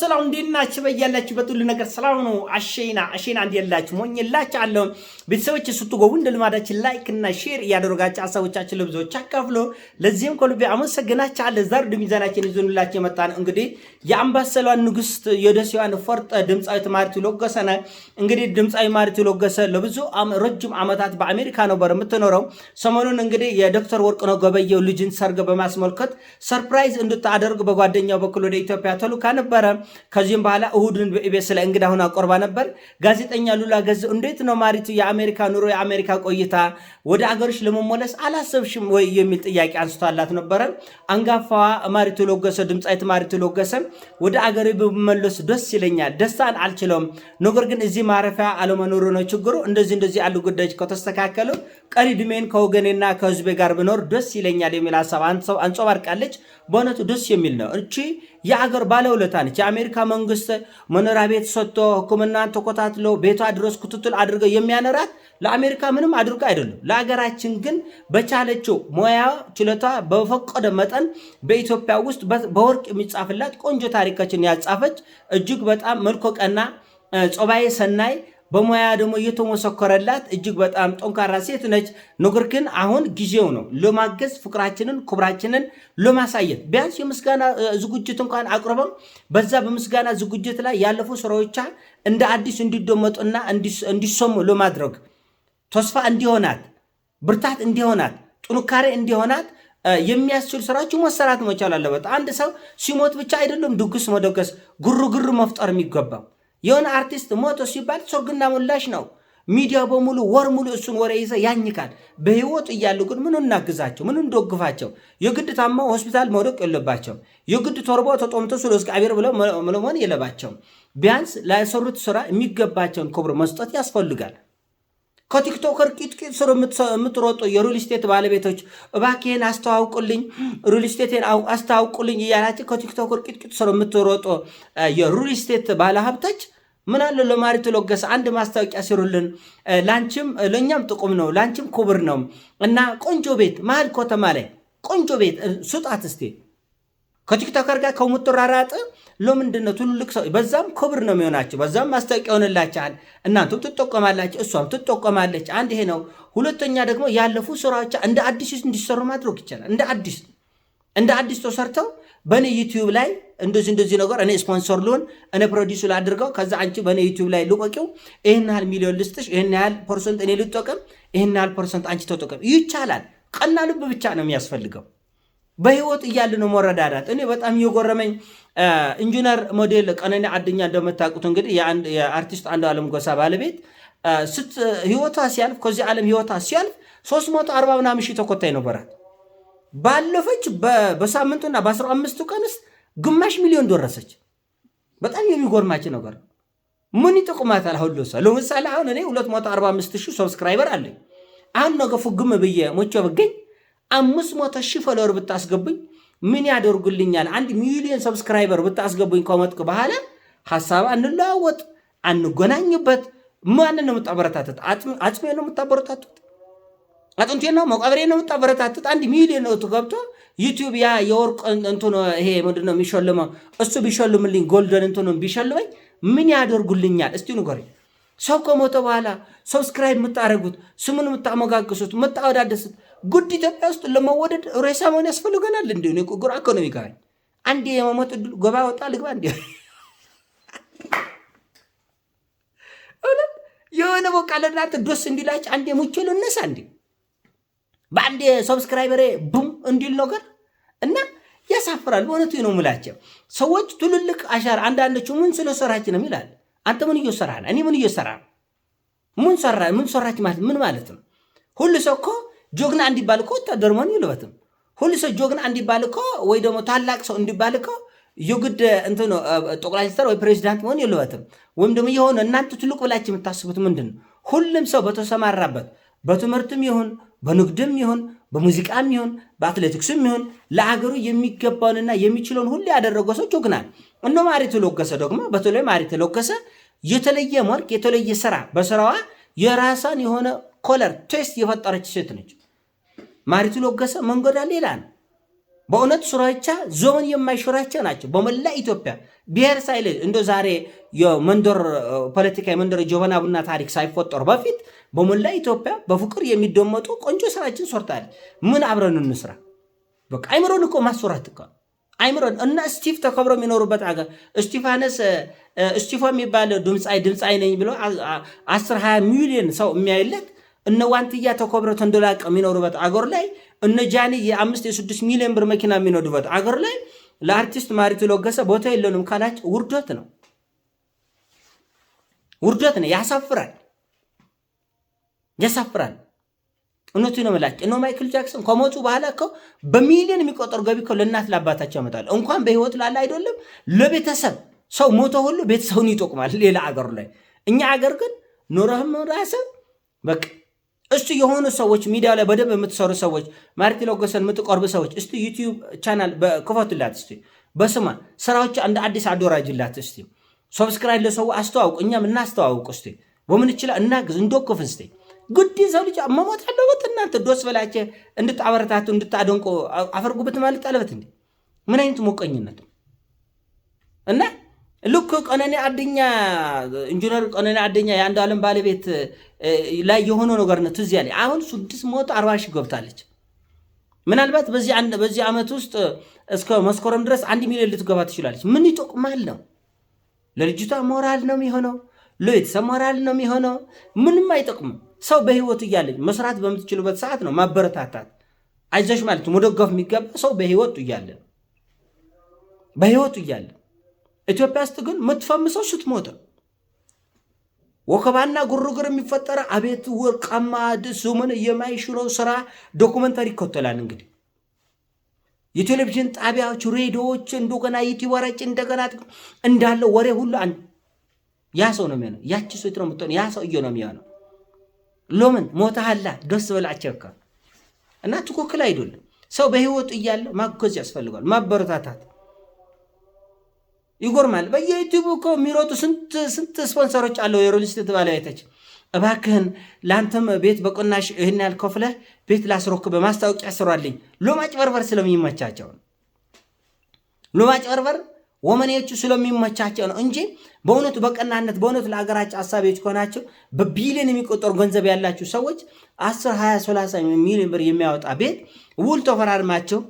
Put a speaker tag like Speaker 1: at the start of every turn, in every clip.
Speaker 1: ሰላም እንዴት ናችሁ? በያላችሁበት ሁሉ ነገር ሰላም ነው። አሸይና አሸና እንዴት ያላችሁ ሞኝላችሁ አለው ቤተሰቦች ስትጎቡ እንደልማዳችን ላይክ እና ሼር እያደረጋችሁ ሀሳቦቻችን ለብዙዎች አካፍሎ ለዚህም ከልቤ አለ። ዛሬ ወደ ሚዛናችን ይዞንላችሁ የመጣን እንግዲህ የአምባሰሏን ንግስት የደሴዋን ፈርጥ ድምፃዊት ማሪቱ ለገሰ ነው። እንግዲህ ድምፃዊ ማሪቱ ለገሰ ለብዙ ረጅም ዓመታት በአሜሪካ ነበር የምትኖረው። ሰሞኑን እንግዲህ የዶክተር ወርቅነህ ገበየሁ ልጅን ሰርግ በማስመልከት ሰርፕራይዝ እንድታደርግ በጓደኛው በኩል ወደ ኢትዮጵያ ተልካ ነበር። ነበረ። ከዚህም በኋላ እሁድን በኢቤስ ላይ እንግዳ ሆና ቆርባ ነበር። ጋዜጠኛ ሉላ ገዝ እንዴት ነው ማሪቱ የአሜሪካ ኑሮ፣ የአሜሪካ ቆይታ፣ ወደ አገሮች ለመመለስ አላሰብሽም ወይ የሚል ጥያቄ አንስቷላት ነበረ። አንጋፋዋ ማሪቱ ለገሰ፣ ድምፃዊት ማሪቱ ለገሰ ወደ አገር ብመለስ ደስ ይለኛል፣ ደስታን አልችለውም፣ ነገር ግን እዚህ ማረፊያ አለመኖሩ ነው ችግሩ። እንደዚህ እንደዚህ ያሉ ጉዳዮች ከተስተካከሉ ቀሪ ድሜን ከወገኔና ከህዝቤ ጋር ብኖር ደስ ይለኛል የሚል ሀሳብ አንጸባርቃለች። በእውነቱ ደስ የሚል ነው እቺ የአገር ባለውለታ ነች። የአሜሪካ መንግስት መኖሪያ ቤት ሰጥቶ ሕክምናን ተኮታትሎ ቤቷ ድረስ ክትትል አድርገ የሚያነራት ለአሜሪካ ምንም አድርጎ አይደለም። ለሀገራችን ግን በቻለችው ሙያ ችሎታ በፈቀደ መጠን በኢትዮጵያ ውስጥ በወርቅ የሚጻፍላት ቆንጆ ታሪካችን ያጻፈች እጅግ በጣም መልኮ ቀና ጸባዬ ሰናይ በሙያ ደግሞ እየተመሰከረላት እጅግ በጣም ጠንካራ ሴት ነች። ነገር ግን አሁን ጊዜው ነው ለማገዝ ፍቅራችንን፣ ክብራችንን ለማሳየት ቢያንስ የምስጋና ዝግጅት እንኳን አቅርበም በዛ በምስጋና ዝግጅት ላይ ያለፉ ስራዎቿ እንደ አዲስ እንዲደመጡና እንዲሰሙ ለማድረግ ተስፋ እንዲሆናት፣ ብርታት እንዲሆናት፣ ጥንካሬ እንዲሆናት የሚያስችል ስራዎች መሰራት መቻል አለበት። አንድ ሰው ሲሞት ብቻ አይደለም ድግስ መደገስ፣ ግርግር መፍጠር የሚገባው የሆነ አርቲስት ሞቶ ሲባል ሶግና ሞላሽ ነው። ሚዲያው በሙሉ ወር ሙሉ እሱን ወሬ ይዘ ያኝካል። በህይወት እያሉ ግን ምን እናግዛቸው? ምን እንደግፋቸው? የግድ ታማው ሆስፒታል መውደቅ የለባቸው። የግድ ተርቦ ተጦምቶ ስለ እግዚአብሔር ብለው መለመን የለባቸው። ቢያንስ ላሰሩት ስራ የሚገባቸውን ክብር መስጠት ያስፈልጋል። ከቲክቶከር ቂጥቂጥ ስር የምትሮጡ የሪል ስቴት ባለቤቶች እባክህን አስተዋውቁልኝ፣ ሪል ስቴትን አስተዋውቁልኝ እያላቸው ከቲክቶከር ቂጥቂጥ ስር የምትሮጡ የሪል ስቴት ባለሀብቶች ምን አለ ለማሪቱ ለገሰ አንድ ማስታወቂያ ስሩልን፣ ላንቺም ለእኛም ጥቁም ነው፣ ላንቺም ክቡር ነው እና ቆንጆ ቤት መሀል ከተማ ላይ ቆንጆ ቤት ሱጣት እስቲ ከቲክቶከር ጋር ከሙጥራራጥ ለምንድነው ትልልቅ ሰው በዛም ክብር ነው የሚሆናቸው። በዛም ማስታወቂያ ይሆንላችኋል። እናንተም ትጠቆማላችሁ፣ እሷም ትጠቆማለች። አንድ ይሄ ነው። ሁለተኛ ደግሞ ያለፉ ስራዎች እንደ አዲስ እንዲሰሩ ማድረግ ይቻላል። እንደ አዲስ እንደ አዲስ ተሰርተው በእኔ ዩቲዩብ ላይ እንደዚህ እንደዚህ ነገር እኔ ስፖንሰር ልሆን እኔ ፕሮዲሱ ላድርገው፣ ከዛ አንቺ በእኔ ዩቲዩብ ላይ ልቆቂው፣ ይህን ያህል ሚሊዮን ልስጥሽ፣ ይህን ያህል ፐርሰንት እኔ ልጠቅም፣ ይህን ያህል ፐርሰንት አንቺ ተጠቅም። ይቻላል። ቀና ልብ ብቻ ነው የሚያስፈልገው። በህይወት እያለ ነው መረዳዳት። እኔ በጣም የጎረመኝ ኢንጂነር ሞዴል ቀነኔ አድኛ እንደምታውቁት እንግዲህ የአርቲስት አንዱ ዓለም ጎሳ ባለቤት ህይወቷ ሲያልፍ ከዚህ ዓለም ህይወቷ ሲያልፍ 340 ምናምን ሺህ ተኮታይ ነበራት። ባለፈች በሳምንቱና በአስራ አምስቱ ቀንስ ግማሽ ሚሊዮን ደረሰች። በጣም የሚጎርማች ነገር ምን ይጠቁማታል? ሁሉ ሰው ለምሳሌ አሁን እኔ 245 ሺህ ሰብስክራይበር አለኝ። አሁን ነገ ፉግም ብዬ ሞቼ ብገኝ 500 ሺህ ፎሎወር ብታስገቡኝ ምን ያደርጉልኛል? አንድ ሚሊዮን ሰብስክራይበር ብታስገቡኝ ከመጥቅ በኋላ ሀሳብ አንለዋወጥ፣ አንጎናኝበት። ማንን ነው የምታበረታቱት? አጽሜ ነው የምታበረታቱት? አጥንቴን ነው መቀብሬ ነው ምጣ የምታበረታትት አንድ ሚሊዮን ነው ትገብቶ ዩቲዩብ ያ የወርቅ እንትኑ ይሄ ምንድን ነው የሚሸልመው? እሱ ቢሸልምልኝ ጎልደን ነው ቢሸልመኝ ምን ያደርጉልኛል? እስቲ ንገሩኝ። ሰው ከሞተ በኋላ ሰብስክራይብ የምታደረጉት ስሙን የምታመጋግሱት የምታወዳደሱት ጉድ ኢትዮጵያ ውስጥ ለመወደድ ሬሳ መሆን ያስፈልገናል። እንዲ ቁጉር ኢኮኖሚ ጋራኝ አንድ የመሞት እድል ጎባ ወጣ ልግባ እንዲ የሆነ በቃ ለእናንተ ዶስ እንዲላች አንድ ሙቼ እነሳ እንዲ በአንድ ሰብስክራይበሬ ቡም እንዲል ነገር እና ያሳፍራል። በእውነቱ ነው የምላቸው ሰዎች ትልልቅ አሻራ አንዳንዶቹ ምን ስለሰራች ነው ይላል። አንተ ምን እየሰራ ነው? እኔ ምን እየሰራ ምን ሰራ? ምን ሰራች ማለት ምን ማለት ነው? ሁሉ ሰው እኮ ጆግና እንዲባል እኮ ወታደር መሆን የለበትም። ሁሉ ሰው ጆግና እንዲባል እኮ ወይ ደግሞ ታላቅ ሰው እንዲባል እኮ የግድ እንትን ጠቅላይ ሚኒስትር ወይ ፕሬዚዳንት መሆን የለበትም። ወይም ደግሞ የሆነ እናንተ ትልቅ ብላችሁ የምታስቡት ምንድን ነው? ሁሉም ሰው በተሰማራበት በትምህርትም ይሁን በንግድም ይሁን በሙዚቃም ይሁን በአትሌቲክስም ይሁን ለሀገሩ የሚገባውንና የሚችለውን ሁሉ ያደረገ ሰው ጀግናል። እነ ማሪቱ ለገሰ ደግሞ በተለይ ማሪቱ ለገሰ የተለየ መልክ፣ የተለየ ስራ በስራዋ የራሷን የሆነ ኮለር ቴስት የፈጠረች ሴት ነች። ማሪቱ ለገሰ መንገዷ ሌላ ነው። በእውነት ሱራቻ ዞን የማይሽራቸው ናቸው። በመላ ኢትዮጵያ ብሔር ሳይል እንደ ዛሬ የመንደር ፖለቲካ የመንደር ጀበና ቡና ታሪክ ሳይፈጠር በፊት በመላ ኢትዮጵያ በፍቅር የሚደመጡ ቆንጆ ስራችን ሰርታል። ምን አብረን እንስራ። በቃ አይምሮን እኮ ማስወራት እኮ አይምሮን እና ስቲፍ ተከብሮ የሚኖሩበት አገር እስቲፋነስ እስቲፎ የሚባል ድምፃይ ድምፃይ ነኝ ብሎ አስር ሚሊዮን ሰው የሚያይለት እነ ዋንትያ ተኮብረ ተንደላቀ የሚኖሩበት አገር ላይ እነ ጃኒ የአምስት የስድስት ሚሊዮን ብር መኪና የሚነዱበት አገር ላይ ለአርቲስት ማሪቱ ለገሰ ቦታ የለንም ካላች ውርደት ነው፣ ውርደት ነው። ያሳፍራል፣ ያሳፍራል። እውነቱ ነው መላጭ እነ ማይክል ጃክሰን ከሞቱ በኋላ እኮ በሚሊዮን የሚቆጠሩ ገቢ እኮ ለእናት ለአባታቸው ያመጣል። እንኳን በህይወት ላለ አይደለም ለቤተሰብ ሰው ሞተ ሁሉ ቤተሰቡን ይጠቁማል። ሌላ አገር ላይ። እኛ አገር ግን ኑሮህም ራሰብ በቃ እስቲ የሆኑ ሰዎች ሚዲያ ላይ በደንብ የምትሰሩ ሰዎች ማርቲ ለገሰን የምትቀርቡ ሰዎች እስቲ ዩቲዩብ ቻናል ክፈቱላት። እስቲ በስማ ስራዎች እንደ አዲስ አደራጅላት። እስቲ ሰብስክራይብ ለሰው አስተዋውቅ፣ እኛም እናስተዋውቅ። እስቲ በምን ይችላ እናግዝ፣ እንደወክፍን እስቲ ጉዲ ሰው ልጅ መሞት አለበት። እናንተ ዶስ በላቸ እንድታበረታቱ እንድታደንቁ አፈርጉበት ማለት አለበት እንዴ! ምን አይነት ሞቀኝነት እና ልክ ቀነኔ አደኛ ኢንጂነር ቀነኔ አደኛ የአንዱ ዓለም ባለቤት ላይ የሆነ ነገር ነው ትዝ ያለ። አሁን ስድስት መቶ አርባ ሺህ ገብታለች። ምናልባት በዚህ ዓመት ውስጥ እስከ መስከረም ድረስ አንድ ሚሊዮን ልትገባ ትችላለች። ምን ይጠቅማል ነው ለልጅቷ ሞራል ነው የሚሆነው፣ ለቤተሰብ ሞራል ነው የሚሆነው። ምንም አይጠቅምም። ሰው በህይወት እያለች መስራት በምትችልበት ሰዓት ነው ማበረታታት፣ አይዞሽ ማለት መደገፍ የሚገባ ሰው በህይወቱ እያለ በህይወቱ እያለ ኢትዮጵያ ውስጥ ግን የምትፈምሰው ስትሞት ወከባና ጉርግር የሚፈጠረ አቤት ወርቃማ ስሙን የማይሽረው ስራ ዶኩመንታሪ ይከተላል። እንግዲህ የቴሌቪዥን ጣቢያዎች፣ ሬዲዮዎች፣ እንደገና ይቲወረጭ እንደገና እንዳለ ወሬ ሁሉ ያ ሰው ነው የሚሆነው። ያቺ ሴት ነው የምትሆነው። ያ ሰው እየ ነው የሚሆነው። ሎምን ሞታሃላ ደስ በላቸው እና ትክክል አይደለም። ሰው በህይወቱ እያለ ማገዝ ያስፈልጋል፣ ማበረታታት ይጎርማል። በየዩቲዩብ እኮ የሚሮጡ ስንት ስፖንሰሮች አለው። የሪል ስቴት ባለቤቶች እባክህን ለአንተም ቤት በቅናሽ ይህን ያህል ከፍለህ ቤት ላስሮክ በማስታወቂያ ስሯልኝ። ሎማጭበርበር ስለሚመቻቸው ነው። ሎማጭበርበር ወመኔዎቹ ስለሚመቻቸው ነው እንጂ በእውነቱ በቀናነት በእውነቱ ለሀገራቸው አሳቢዎች ከሆናቸው በቢሊዮን የሚቆጠሩ ገንዘብ ያላችሁ ሰዎች 10፣ 20፣ 30 ሚሊዮን ብር የሚያወጣ ቤት ውል ተፈራርማቸው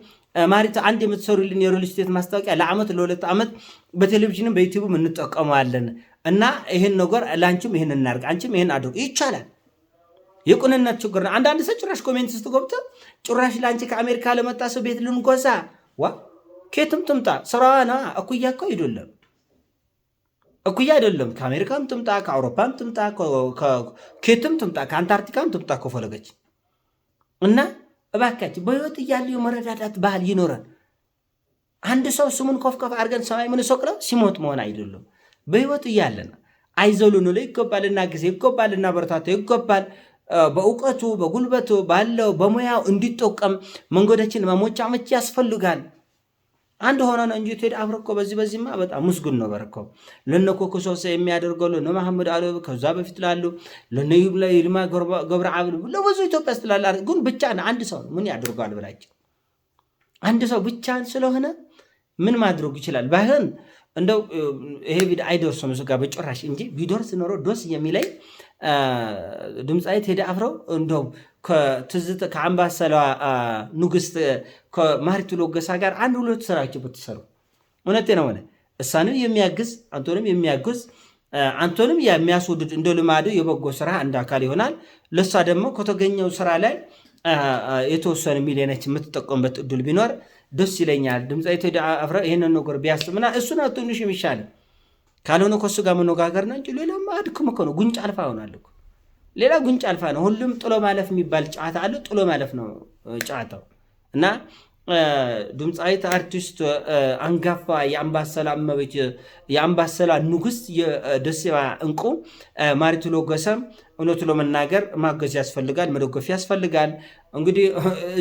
Speaker 1: ማለት አንድ የምትሰሩልን የሪል ስቴት ማስታወቂያ ለአመት ለሁለት ዓመት በቴሌቪዥንም በዩቲዩብም እንጠቀመዋለን እና ይህን ነገር ለአንቺም ይህን እናርግ፣ አንቺም ይህን አድርግ ይቻላል። የቁንነት ችግር ነው። አንዳንድ ሰው ጭራሽ ኮሜንት ስት ገብቶ ጭራሽ ለአንቺ ከአሜሪካ ለመጣ ሰው ቤት ልንጎዛ ዋ ኬትም ትምጣ ስራዋ እኩያ እኮ አይደለም እኩያ አይደለም። ከአሜሪካም ትምጣ፣ ከአውሮፓም ትምጣ፣ ኬትም ትምጣ፣ ከአንታርክቲካም ትምጣ ከፈለገች እና እባካችን በህይወት እያሉ የመረዳዳት ባህል ይኖረን። አንድ ሰው ስሙን ኮፍከፍ አድርገን ሰማይ የምንሰቅለው ሲሞት መሆን አይደሉም። በህይወት እያለን አይዞህ ልንለው ይገባል፣ ልናግዘው ይገባል፣ በርታቶ ይገባል። በእውቀቱ በጉልበቱ ባለው በሙያው እንዲጠቀም መንገዶችን ማመቻመች ያስፈልጋል። አንድ ሆነን እንጂ ትሄድ አብረ እኮ በዚህ በዚህማ በጣም ምስጉን ነው በርኮ ለነ ኮኮ ሶሰ የሚያደርገው ለነ መሐመድ አለ ከዛ በፊት ላሉ ለነ ይብላ ይልማ ገብረ አብል ለብዙ ኢትዮጵያ ስትላለ ግን ብቻ አንድ ሰው ምን ያደርገዋል ብላቸው አንድ ሰው ብቻ ስለሆነ ምን ማድረግ ይችላል? ባይሆን እንደው ይሄ ቪዲዮ አይደርሱም እሱ ጋር በጭራሽ እንጂ ቢደርስ ኖሮ ዶስ የሚለይ ድምፃዊት ቴዲ አፍሮ እንደው ከአምባሰለዋ ንግስት ማሪቱ ሎገሳ ጋር አንድ ሁለቱ ስራቸው ብትሰሩ እውነቴ ነው ሆነ እሳንም የሚያግዝ አንቶንም የሚያግዝ አንቶንም የሚያስወድድ እንደ ልማዱ የበጎ ስራ አንድ አካል ይሆናል። ለሷ ደግሞ ከተገኘው ስራ ላይ የተወሰኑ ሚሊዮኖች የምትጠቀምበት እድል ቢኖር ደስ ይለኛል። ድምፃዊ ቴዲ ይህንን ነገር ቢያስብና እሱን ትንሽ የሚሻል ካልሆነ ከሱ ጋር መነጋገር ነው እንጂ ሌላ አድክም እኮ ነው። ጉንጭ አልፋ ሆናል እኮ ሌላ ጉንጭ አልፋ ነው። ሁሉም ጥሎ ማለፍ የሚባል ጨዋታ አለ። ጥሎ ማለፍ ነው ጨዋታው እና ድምፃዊት አርቲስት አንጋፋ የአምባሰላ ንጉስ የደሴባ እንቁ ማሪቱ ለገሰም እውነቱ ለመናገር ማገዝ ያስፈልጋል፣ መደጎፍ ያስፈልጋል። እንግዲህ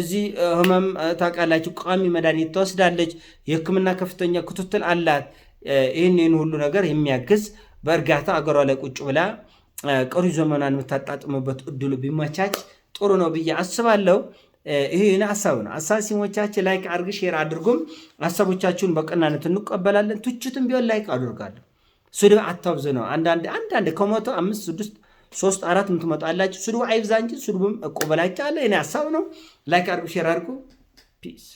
Speaker 1: እዚህ ህመም ታውቃላችሁ፣ ቋሚ መድኃኒት ትወስዳለች፣ የህክምና ከፍተኛ ክትትል አላት። ይህን ይህን ሁሉ ነገር የሚያግዝ በእርጋታ አገሯ ላይ ቁጭ ብላ ቀሪ ዘመኗን የምታጣጥምበት እድሉ ቢመቻች ጥሩ ነው ብዬ አስባለሁ። ይህን ሀሳብ ነው። አሳብ ሲሞቻችን ላይክ አድርግ፣ ሼር አድርጉም። ሀሳቦቻችሁን በቀናነት እንቀበላለን። ትችትም ቢሆን ላይክ አድርጋለሁ። ስድብ አታብዝ ነው። አንዳንድ አንዳንድ ከመቶ አምስት ስድስት ሶስት አራት የምትመጣላችሁ ስድቡ አይብዛ እንጂ ስድቡም እቆ በላይቻለ እኔ ሀሳብ ነው። ላይክ አድርጉ፣ ሼር አድርጉ። ፒስ